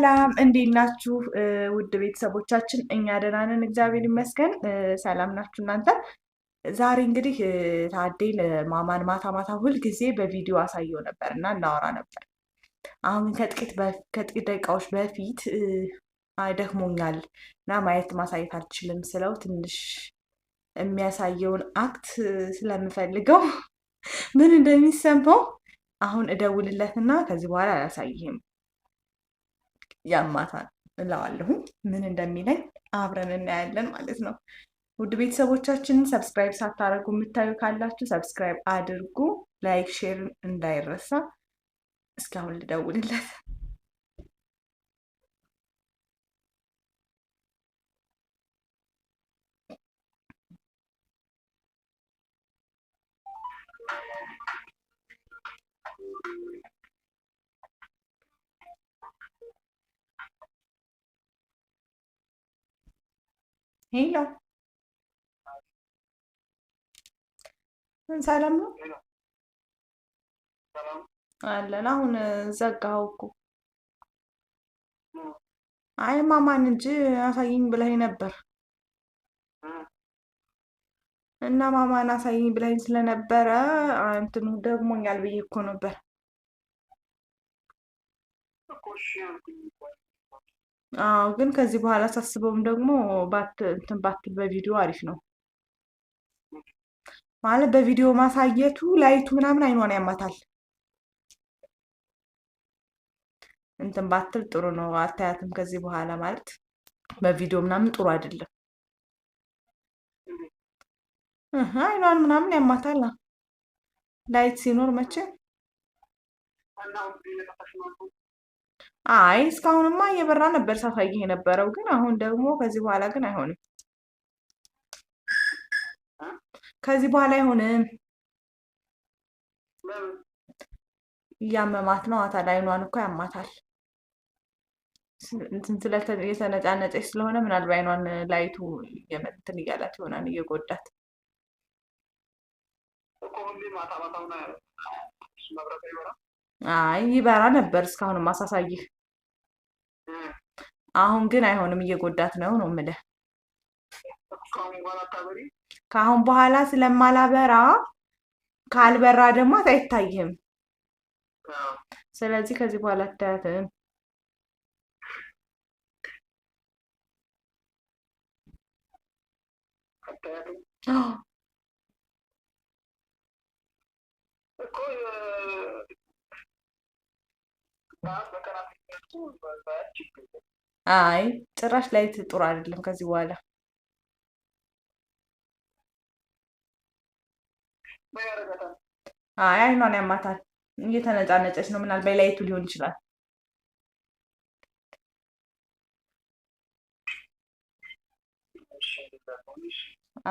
ሰላም እንዴት ናችሁ? ውድ ቤተሰቦቻችን እኛ ደህና ነን፣ እግዚአብሔር ይመስገን። ሰላም ናችሁ እናንተ? ዛሬ እንግዲህ ታዴን ማማን ማታ ማታ ሁልጊዜ በቪዲዮ አሳየው ነበር እና እናወራ ነበር። አሁን ከጥቂት ከጥቂት ደቂቃዎች በፊት ደክሞኛል እና ማየት ማሳየት አልችልም ስለው ትንሽ የሚያሳየውን አክት ስለምፈልገው ምን እንደሚሰማው አሁን እደውልለትና ከዚህ በኋላ አላሳይህም ያማታል እለዋለሁኝ። ምን እንደሚለኝ አብረን እናያለን ማለት ነው። ውድ ቤተሰቦቻችን ሰብስክራይብ ሳታደርጉ የምታዩ ካላችሁ ሰብስክራይብ አድርጉ። ላይክ ሼር እንዳይረሳ። እስካሁን ልደውልለት ሄሎ፣ ሰላም ነው አለን። አሁን ዘጋኸው እኮ። አይ ማማን እንጂ አሳይኝ ብለኸኝ ነበር እና ማማን አሳይኝ ብለኸኝ ስለነበረ እንትኑ ደግሞኛል ብዬ እኮ ነበር። አዎ ግን ከዚህ በኋላ ሳስበውም ደግሞ እንትን ባትል በቪዲዮ አሪፍ ነው ማለት በቪዲዮ ማሳየቱ ላይቱ ምናምን አይኗን ያማታል። እንትን ባትል ጥሩ ነው። አታያትም ከዚህ በኋላ ማለት በቪዲዮ ምናምን ጥሩ አይደለም። አይኗን ምናምን ያማታል። ላይት ሲኖር መቼ አይ እስካሁንማ እየበራ ነበር ሳሳይህ የነበረው ግን አሁን ደግሞ ከዚህ በኋላ ግን አይሆንም። ከዚህ በኋላ አይሆንም። እያመማት ነው አታ ላይኗን እኮ ያማታል። የተነጫነጨች ስለሆነ ምናልባት አይኗን ላይቱ እንትን እያላት ይሆናል እየጎዳት አይ ይበራ ነበር እስካሁን ማሳሳይህ አሁን ግን አይሆንም፣ እየጎዳት ነው ነው የምልህ። ከአሁን በኋላ ስለማላበራ ካልበራ ደግሞ አይታይህም። ስለዚህ ከዚህ በኋላ አታያትም። አይ ጭራሽ ላይ ጥሩ አይደለም ከዚህ በኋላ አይ አይኗን ያማታል እየተነጫነጨች ነው ምናልባት ላይቱ ሊሆን ይችላል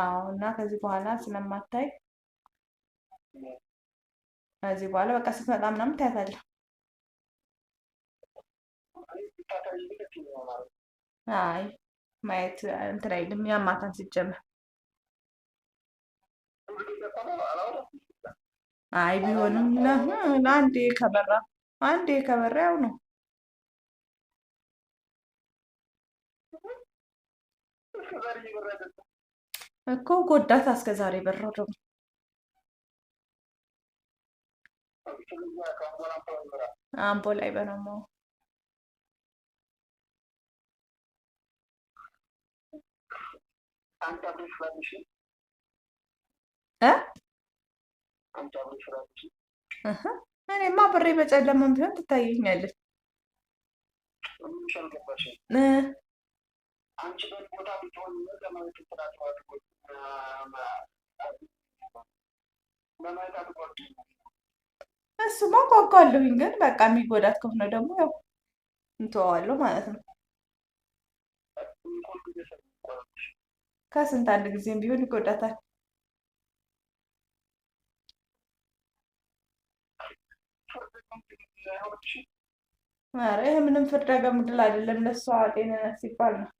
አዎ እና ከዚህ በኋላ ስለማታይ ከዚህ በኋላ በቃ ስትመጣ ምናምን ታያታለህ አይ ማየት እንትን አይልም ያማታን ሲጀመር። አይ ቢሆንም ለአንዴ ከበራ አንዴ ከበራ ያው ነው። እኮ ጎዳት እስከ ዛሬ በራው ደግሞ አምቦ ላይ በነማው እኔማ ብሬ በጨለማም ቢሆን ትታየኛለች። እሱማ ጓጓለሁኝ፣ ግን በቃ የሚጎዳት ከሆነ ደግሞ ያው እንተዋዋለሁ ማለት ነው። ከስንት አንድ ጊዜም ቢሆን ይጎዳታል። ኧረ ይህ ምንም ፍርድ ገምድል አይደለም፣ ለሷ ጤንነት ሲባል ነው።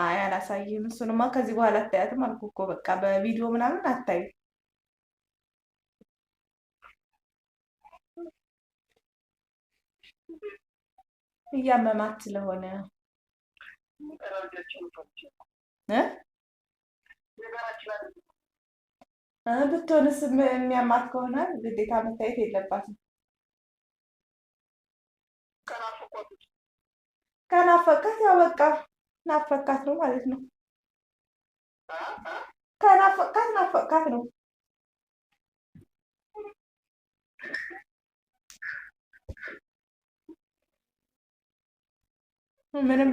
አይ አላሳይም። እሱንማ ከዚህ በኋላ አታያትም አልኩ እኮ በቃ በቪዲዮ ምናምን አታይም። እያመማት ስለሆነ ብትሆንስ የሚያማት ከሆነ ግዴታ መታየት የለባትም። ከናፈቃት ያው በቃ ናፈቃት ነው ማለት ነው። ከናፈቃት ናፈቃት ነው። ምንም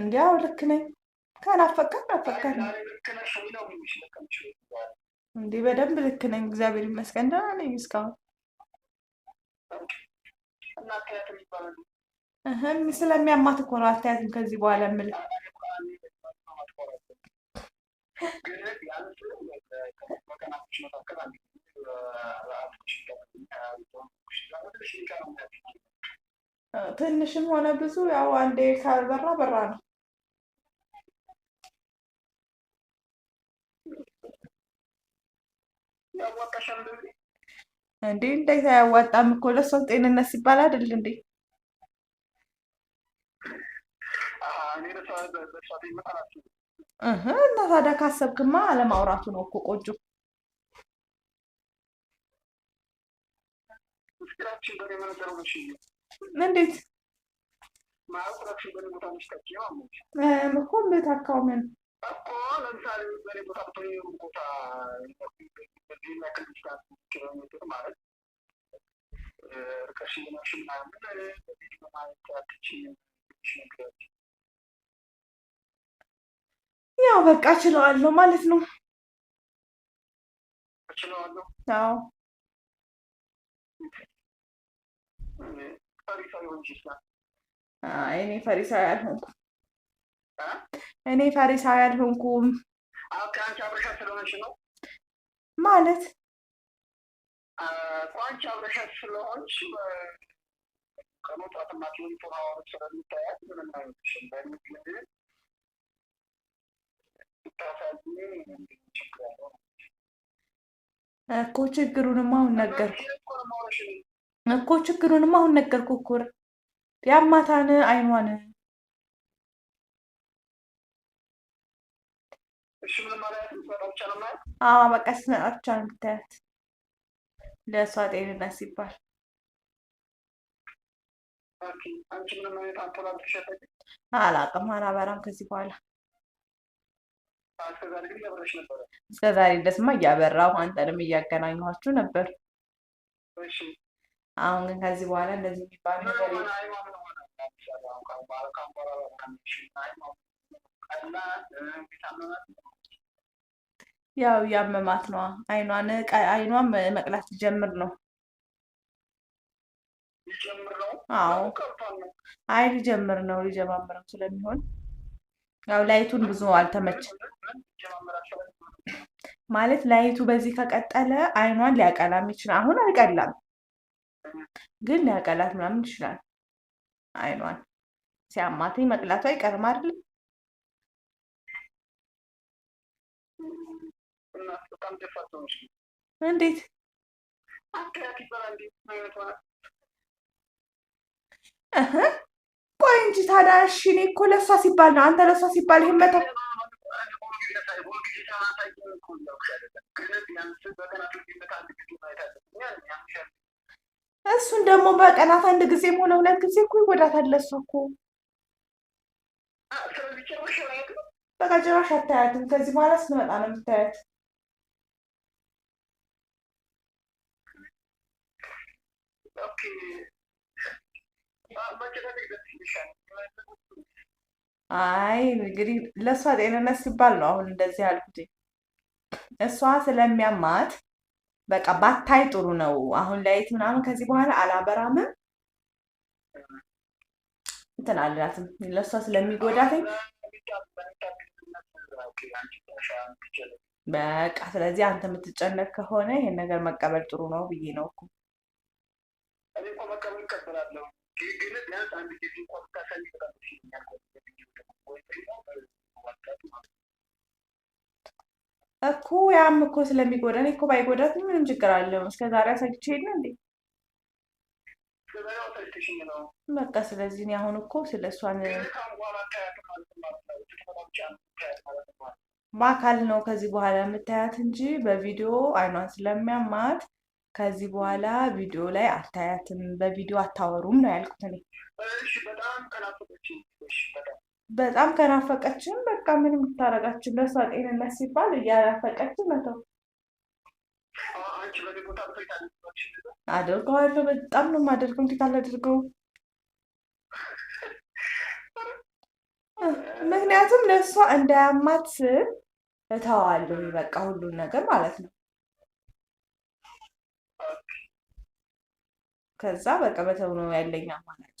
እንዲያው ልክ ነኝ ካናፈቃ ናፈቃ እንዲህ በደንብ ልክ ነኝ። እግዚአብሔር ይመስገን ደህና ነኝ እስካሁን። ስለሚያማት እኮ ነው አታያትም ከዚህ በኋላ ምል ትንሽም ሆነ ብዙ ያው አንዴ ካልበራ በራ ነው። እንዴ እንዴት አያዋጣም እኮ ለሰው ጤንነት ሲባል አይደል እንዴ? እና ታዲያ ካሰብክማ አለማውራቱ ነው እኮ ቆንጆ ምስኪናችን እንዴት እኮ ታካውመን እኮ ለምሳሌ በእኔ ቦታ ቦታ በዚህ ኪሎ ሜትር ማለት ርቀሽ ምናምን በማለት አትችይም። ያው በቃ እችለዋለሁ ማለት ነው። እችለዋለሁ። አዎ እኔ ፈሪሳዊ አልሆንኩም። እኔ ፈሪሳዊ አልሆንኩም ማለት ቋንቻ አብረሻት ከመውጣት ማትሆን ስለሚታያት ምንም አይነትሽም ብታሳዝኝ እኮ ችግሩንማ አሁን ነገርኩ። እኮ ችግሩንም አሁን ነገርኩ እኮ ያማታን አይኗን በቃ ስትመጣ ብቻ ነው የምታያት ለእሷ ጤንነት ሲባል አላቅም አላበራም ከዚህ በኋላ እስከዛሬ ድረስማ እያበራሁ አንተንም እያገናኘኋችሁ ነበር አሁን ግን ከዚህ በኋላ እንደዚህ የሚባል ነገር ያው ያመማት ነዋ። አይኗን አይኗን መቅላት ጀምር ነው። አዎ አይ ሊጀምር ነው ሊጀማምረው ስለሚሆን ያው ላይቱን ብዙ አልተመችም ማለት ላይቱ በዚህ ከቀጠለ አይኗን ሊያቀላም ይችላል። አሁን አይቀላም ግን ሊያቀላት ምናምን ይችላል። አይኗን ሲያማትኝ መቅላቱ አይቀርም አይደል? እንዴት ቆይ እንጂ ታዲያ እሺ፣ እኔ እኮ ለእሷ ሲባል ነው። አንተ ለእሷ ሲባል ይሄን መተው እሱን ደግሞ በቀናት አንድ ጊዜም ሆነ ሁለት ጊዜ እኮ ይጎዳታል። ለእሷ እኮ በቃ ጭራሽ አታያትም። ከዚህ በኋላ ስንመጣ ነው የምታያት። አይ እንግዲህ ለእሷ ጤንነት ሲባል ነው አሁን እንደዚህ ያልኩት። እሷ ስለሚያማት በቃ ባታይ ጥሩ ነው። አሁን ላይት ምናምን ከዚህ በኋላ አላበራምም እንትን አልላትም ለእሷ ስለሚጎዳትኝ በቃ ስለዚህ አንተ የምትጨነቅ ከሆነ ይሄን ነገር መቀበል ጥሩ ነው ብዬ ነው እኮ እኮ ያም እኮ ስለሚጎዳ እኔ እኮ ባይጎዳት ምንም ችግር አለው። እስከ ዛሬ አሳይቼ የለ እንዴ? በቃ ስለዚህ እኔ አሁን እኮ ስለ እሷን በአካል ነው ከዚህ በኋላ የምታያት እንጂ በቪዲዮ አይኗን ስለሚያማት ከዚህ በኋላ ቪዲዮ ላይ አታያትም፣ በቪዲዮ አታወሩም ነው ያልኩት እኔ። በጣም ከናፈቀችም በቃ ምንም ልታረጋችን ለእሷ ጤንነት ሲባል እያናፈቀችን መተው አደርገዋለሁ። በጣም ነው የማደርገው። እንዴት አላደርገው? ምክንያቱም ለእሷ እንዳያማት ስል እተዋለሁ። በቃ ሁሉን ነገር ማለት ነው። ከዛ በቃ በተው ነው ያለኝ አማራጭ።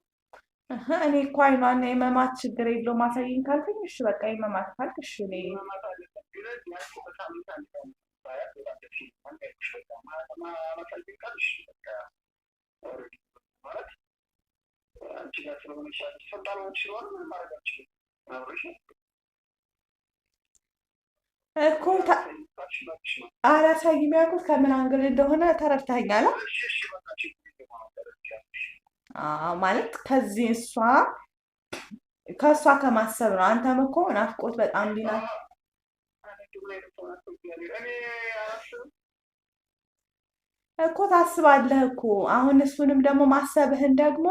እኔ እኮ አይኗን የመማት ችግር የለው ማሳየኝ ካልከኝ እሺ በቃ የመማት ካልክ እሺ እኔ እኮ አላሳይም ያልኩት ከምን አንግል እንደሆነ ተረድተኸኛል። ማለት ከዚህ እሷ ከእሷ ከማሰብ ነው። አንተም እኮ ናፍቆት በጣም ቢና እኮ ታስባለህ እኮ አሁን እሱንም ደግሞ ማሰብህን ደግሞ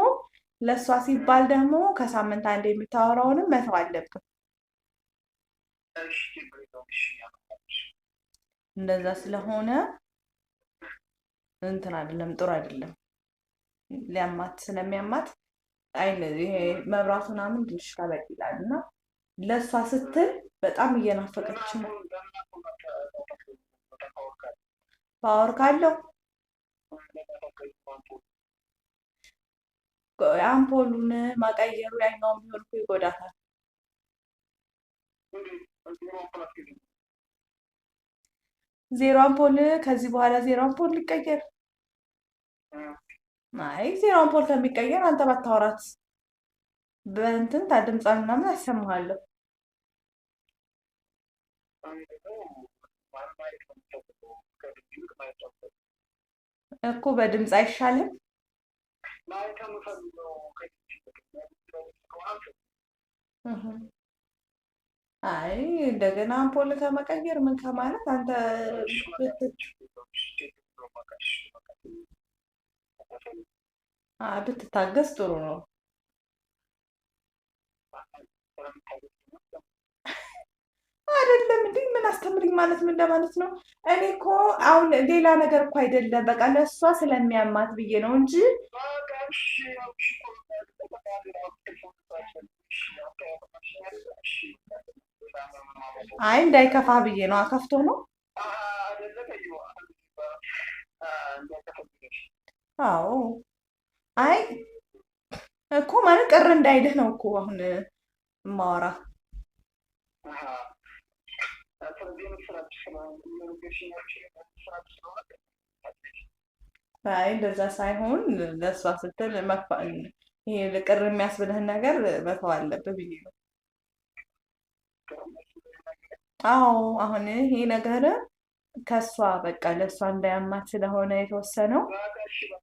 ለእሷ ሲባል ደግሞ ከሳምንት አንድ የምታወራውንም መተው አለብን። እንደዛ ስለሆነ እንትን አይደለም፣ ጥሩ አይደለም። ሊያማት ስለሚያማት መብራቱ ምናምን ትንሽ ከበድ ይላል እና ለእሷ ስትል በጣም እየናፈቀች ነው። ፓወር ካለው አምፖሉን ማቀየሩ ያኛው ቢሆን እኮ ይጎዳታል። ዜሮ አምፖል ከዚህ በኋላ ዜሮ አምፖል ሊቀየር አይ ዜናውን ፖል ከሚቀየር አንተ ባታወራት በእንትን ታድምጻል ምናምን አሰማሃለሁ። እኮ በድምፅ አይሻልም? አይ እንደገና አምፖል ከመቀየር ምን ከማለት አንተ ብትታገስ ጥሩ ነው። አይደለም እንዴ? ምን አስተምሪኝ ማለት ምን ለማለት ነው? እኔ እኮ አሁን ሌላ ነገር እኮ አይደለም፣ በቃ ለእሷ ስለሚያማት ብዬ ነው እንጂ አይ እንዳይከፋ ብዬ ነው። አከፍቶ ነው አዎ አይ እኮ ማለት ቀረ እንዳይልህ ነው እኮ አሁን ማወራ አይ እንደዛ ሳይሆን ለእሷ ስትል ይሄ ቅር የሚያስብልህን ነገር መተው አለብህ ብዬ ነው። አዎ አሁን ይሄ ነገር ከእሷ በቃ ለእሷ እንዳያማት ስለሆነ የተወሰነው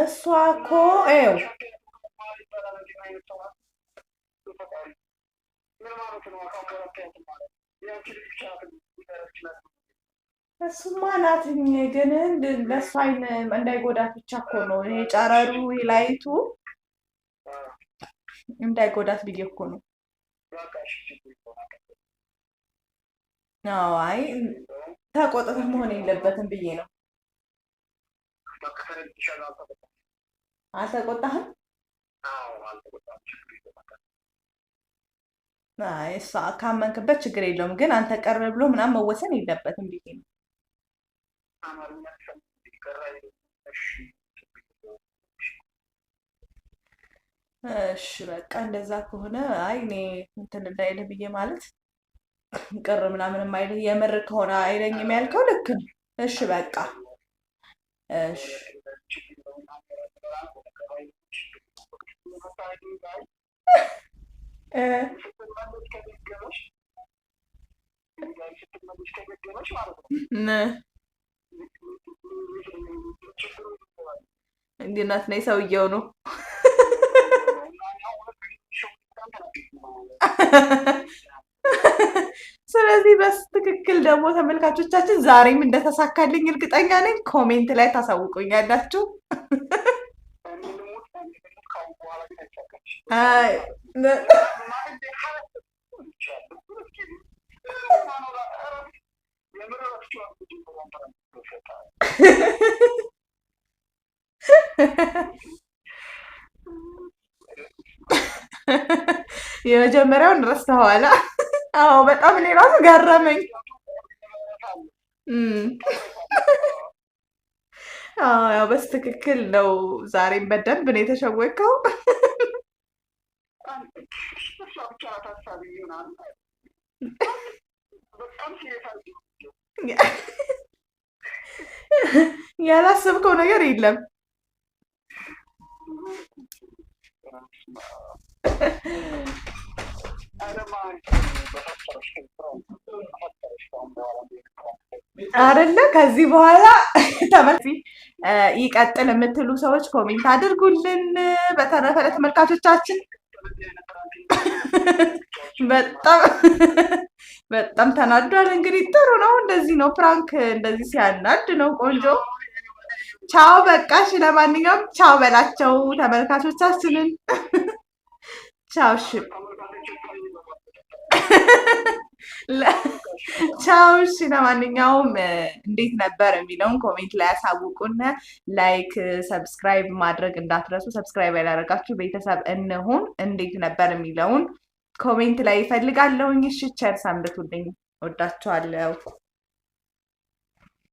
እሷ እኮ ይኸው እሱማ ናትኝ ግን ለእሷ አይን እንዳይጎዳት ብቻ እኮ ነው። ይሄ ጨረሩ ላይቱ እንዳይጎዳት ብዬ እኮ ነው። አይ ተቆጥተህ መሆን የለበትም ብዬ ነው። አልተቆጣህም? እሷ ካመንክበት ችግር የለውም፣ ግን አንተ ቀረ ብሎ ምናምን መወሰን የለበትም ብዬ ነው። እሺ በቃ እንደዛ ከሆነ አይ እኔ እንትን እንዳይልህ ብዬ ማለት ቅር ምናምንም የማይልህ የምር ከሆነ አይለኝ የሚያልከው ልክ ነው። እሺ በቃ እንዲናት ነይ ሰውየው ነው ስለዚህ በትክክል ደግሞ ተመልካቾቻችን ዛሬም እንደተሳካልኝ እርግጠኛ ነኝ። ኮሜንት ላይ ታሳውቁኛላችሁ። የመጀመሪያውን ረስተኋላ። አዎ በጣም እኔ ራሱ ገረመኝ። ያው በስትክክል ነው። ዛሬም በደንብ ነው የተሸወከው። ያላሰብከው ነገር የለም። አይደለ ከዚህ በኋላ ተመልሲ ይቀጥል የምትሉ ሰዎች ኮሜንት አድርጉልን። በተረፈ ለተመልካቾቻችን በጣም በጣም ተናዷል። እንግዲህ ጥሩ ነው፣ እንደዚህ ነው ፕራንክ፣ እንደዚህ ሲያናድ ነው ቆንጆ። ቻው በቃሽ። ለማንኛውም ቻው በላቸው ተመልካቾቻችንን Ciao, ቻው። እሺ፣ ለማንኛውም እንዴት ነበር የሚለውን ኮሜንት ላይ ያሳውቁን። ላይክ፣ ሰብስክራይብ ማድረግ እንዳትረሱ። ሰብስክራይብ ያላደረጋችሁ ቤተሰብ እንሁን። እንዴት ነበር የሚለውን ኮሜንት ላይ ይፈልጋለሁኝ። እሺ፣ ቸር ሰንብቱልኝ። ወዳችኋለሁ።